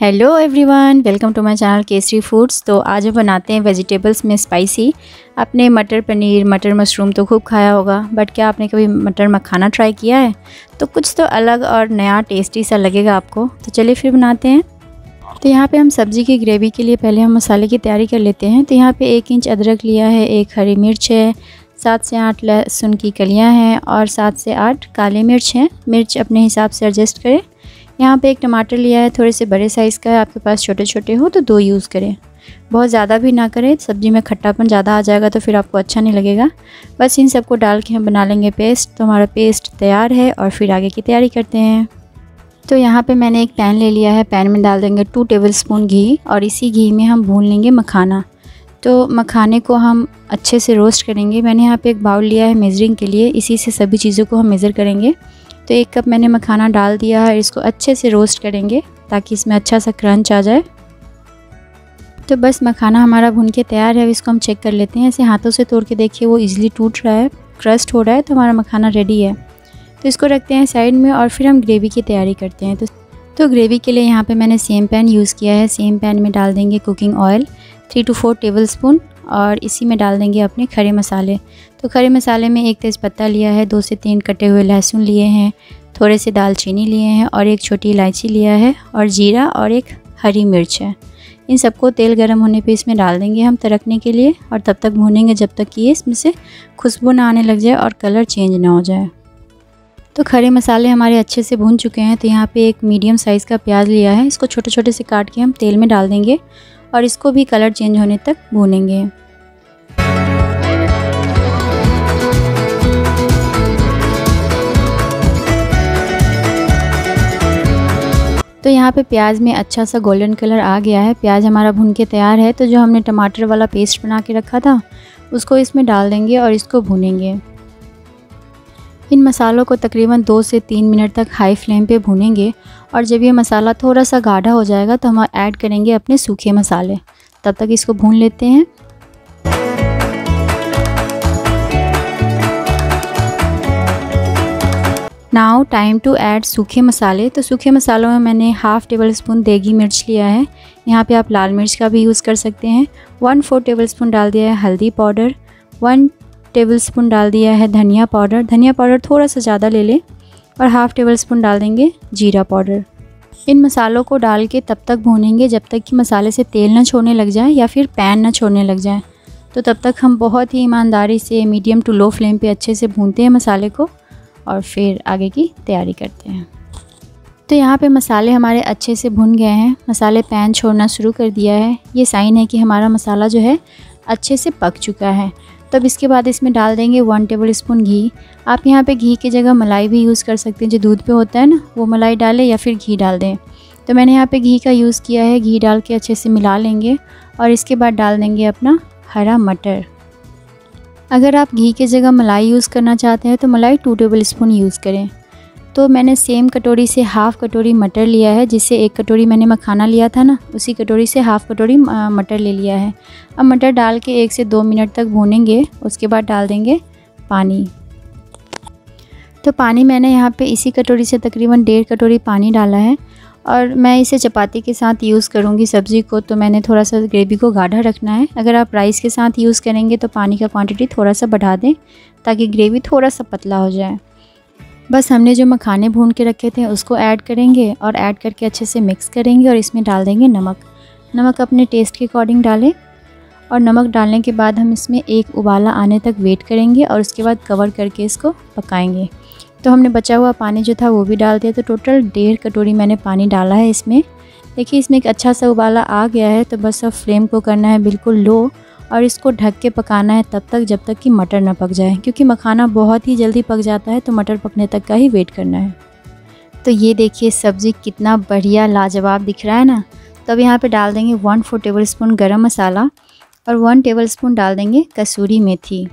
Hello everyone welcome to my channel Kesari foods तो आज हम बनाते हैं वेजिटेबल्स में स्पाइसी आपने मटर पनीर मटर मशरूम तो खूब खाया होगा बट क्या आपने कभी मटर मखाना ट्राई किया है तो कुछ तो अलग और नया टेस्टी सा लगेगा आपको तो चलिए फिर बनाते हैं तो यहाँ पे हम सब्ज़ी की ग्रेवी के लिए पहले हम मसाले की तैयारी कर लेते हैं तो यहाँ पर एक इंच अदरक लिया है एक हरी मिर्च है सात से आठ लहसुन की कलियाँ हैं और सात से आठ काले मिर्च हैं मिर्च अपने हिसाब से एडजस्ट करें यहाँ पे एक टमाटर लिया है थोड़े से बड़े साइज़ का है आपके पास छोटे छोटे हो तो दो यूज़ करें बहुत ज़्यादा भी ना करें सब्ज़ी में खट्टापन ज़्यादा आ जाएगा तो फिर आपको अच्छा नहीं लगेगा बस इन सबको डाल के हम बना लेंगे पेस्ट तो हमारा पेस्ट तैयार है और फिर आगे की तैयारी करते हैं तो यहाँ पर मैंने एक पैन ले लिया है पैन में डाल देंगे टू टेबल स्पून घी और इसी घी में हम भून लेंगे मखाना तो मखाने को हम अच्छे से रोस्ट करेंगे मैंने यहाँ पे एक बाउल लिया है मेज़रिंग के लिए इसी से सभी चीज़ों को हम मेज़र करेंगे तो एक कप मैंने मखाना डाल दिया है इसको अच्छे से रोस्ट करेंगे ताकि इसमें अच्छा सा क्रंच आ जाए तो बस मखाना हमारा भून के तैयार है इसको हम चेक कर लेते हैं ऐसे हाथों से तोड़ के देखिए वो ईज़िली टूट रहा है क्रस्ट हो रहा है तो हमारा मखाना रेडी है तो इसको रखते हैं साइड में और फिर हम ग्रेवी की तैयारी करते हैं तो तो ग्रेवी के लिए यहाँ पे मैंने सेम पैन यूज़ किया है सेम पैन में डाल देंगे cooking oil three two four tablespoon और इसी में डाल देंगे अपने खड़े मसाले तो खड़े मसाले में एक तेज़पत्ता लिया है दो से तीन कटे हुए लहसुन लिए हैं थोड़े से दालचीनी लिए हैं और एक छोटी इलायची लिया है और जीरा और एक हरी मिर्च है इन सबको तेल गर्म होने पे इसमें डाल देंगे हम तरकने के लिए और तब तक भूनेंगे जब तक कि इसमें से खुशबू ना आने लग जाए और कलर चेंज ना हो जाए तो खड़े मसाले हमारे अच्छे से भून चुके हैं तो यहाँ पे एक मीडियम साइज़ का प्याज लिया है इसको छोटे छोटे से काट के हम तेल में डाल देंगे और इसको भी कलर चेंज होने तक भूनेंगे तो यहाँ पे प्याज में अच्छा सा गोल्डन कलर आ गया है प्याज हमारा भून के तैयार है तो जो हमने टमाटर वाला पेस्ट बना के रखा था उसको इसमें डाल देंगे और इसको भूनेंगे इन मसालों को तकरीबन दो से तीन मिनट तक हाई फ्लेम पे भूनेंगे और जब ये मसाला थोड़ा सा गाढ़ा हो जाएगा तो हम ऐड करेंगे अपने सूखे मसाले तब तक इसको भून लेते हैं नाउ टाइम टू ऐड सूखे मसाले तो सूखे मसालों में मैंने हाफ़ टेबल स्पून देगी मिर्च लिया है यहाँ पे आप लाल मिर्च का भी यूज़ कर सकते हैं वन फोर टेबल स्पून डाल दिया है हल्दी पाउडर वन टेबल स्पून डाल दिया है धनिया पाउडर धनिया पाउडर थोड़ा सा ज़्यादा ले लें और हाफ़ टेबल स्पून डाल देंगे जीरा पाउडर इन मसालों को डाल के तब तक भूनेंगे जब तक कि मसाले से तेल ना छोड़ने लग जाए या फिर पैन ना छोड़ने लग जाए तो तब तक हम बहुत ही ईमानदारी से मीडियम टू लो फ्लेम पे अच्छे से भूनते हैं मसाले को और फिर आगे की तैयारी करते हैं तो यहाँ पे मसाले हमारे अच्छे से भुन गए हैं मसाले पैन छोड़ना शुरू कर दिया है ये साइन है कि हमारा मसाला जो है अच्छे से पक चुका है तब इसके बाद इसमें डाल देंगे वन टेबल स्पून घी आप यहाँ पे घी की जगह मलाई भी यूज़ कर सकते हैं जो दूध पे होता है ना वो मलाई डालें या फिर घी डाल दें तो मैंने यहाँ पे घी का यूज़ किया है घी डाल के अच्छे से मिला लेंगे और इसके बाद डाल देंगे अपना हरा मटर अगर आप घी की जगह मलाई यूज़ करना चाहते हैं तो मलाई टू टेबल स्पून यूज़ करें तो मैंने सेम कटोरी से हाफ़ कटोरी मटर लिया है जिससे एक कटोरी मैंने मखाना लिया था ना उसी कटोरी से हाफ़ कटोरी मटर ले लिया है अब मटर डाल के एक से दो मिनट तक भूनेंगे उसके बाद डाल देंगे पानी तो पानी मैंने यहाँ पे इसी कटोरी से तकरीबन डेढ़ कटोरी पानी डाला है और मैं इसे चपाती के साथ यूज़ करूँगी सब्ज़ी को तो मैंने थोड़ा सा ग्रेवी को गाढ़ा रखना है अगर आप राइस के साथ यूज़ करेंगे तो पानी का क्वांटिटी थोड़ा सा बढ़ा दें ताकि ग्रेवी थोड़ा सा पतला हो जाए बस हमने जो मखाने भून के रखे थे उसको ऐड करेंगे और ऐड करके अच्छे से मिक्स करेंगे और इसमें डाल देंगे नमक नमक अपने टेस्ट के अकॉर्डिंग डालें और नमक डालने के बाद हम इसमें एक उबाला आने तक वेट करेंगे और उसके बाद कवर करके इसको पकाएंगे तो हमने बचा हुआ पानी जो था वो भी डाल दिया तो टोटल डेढ़ कटोरी मैंने पानी डाला है इसमें देखिए इसमें एक अच्छा सा उबाला आ गया है तो बस अब फ्लेम को करना है बिल्कुल लो और इसको ढक के पकाना है तब तक जब तक कि मटर ना पक जाए क्योंकि मखाना बहुत ही जल्दी पक जाता है तो मटर पकने तक का ही वेट करना है तो ये देखिए सब्ज़ी कितना बढ़िया लाजवाब दिख रहा है ना तो अब यहाँ पर डाल देंगे one four tablespoon garam masala और वन टेबल स्पून डाल देंगे कसूरी मेथी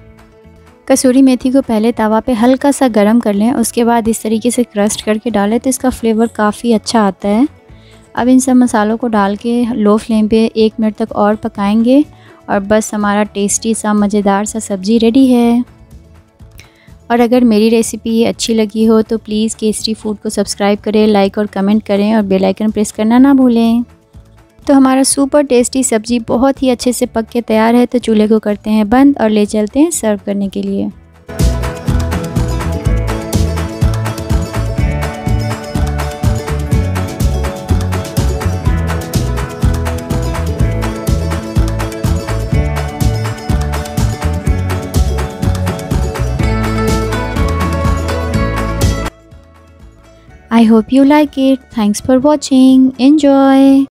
कसूरी मेथी को पहले तवा पे हल्का सा गर्म कर लें उसके बाद इस तरीके से क्रस्ट करके डालें तो इसका फ्लेवर काफ़ी अच्छा आता है अब इन सब मसालों को डाल के लो फ्लेम पे एक मिनट तक और पकाएंगे और बस हमारा टेस्टी सा मज़ेदार सा सब्ज़ी रेडी है और अगर मेरी रेसिपी अच्छी लगी हो तो प्लीज़ केसरी फूड को सब्सक्राइब करें लाइक और कमेंट करें और बेल आइकन प्रेस करना ना भूलें तो हमारा सुपर टेस्टी सब्ज़ी बहुत ही अच्छे से पक के तैयार है तो चूल्हे को करते हैं बंद और ले चलते हैं सर्व करने के लिए I hope you like it. Thanks for watching. Enjoy.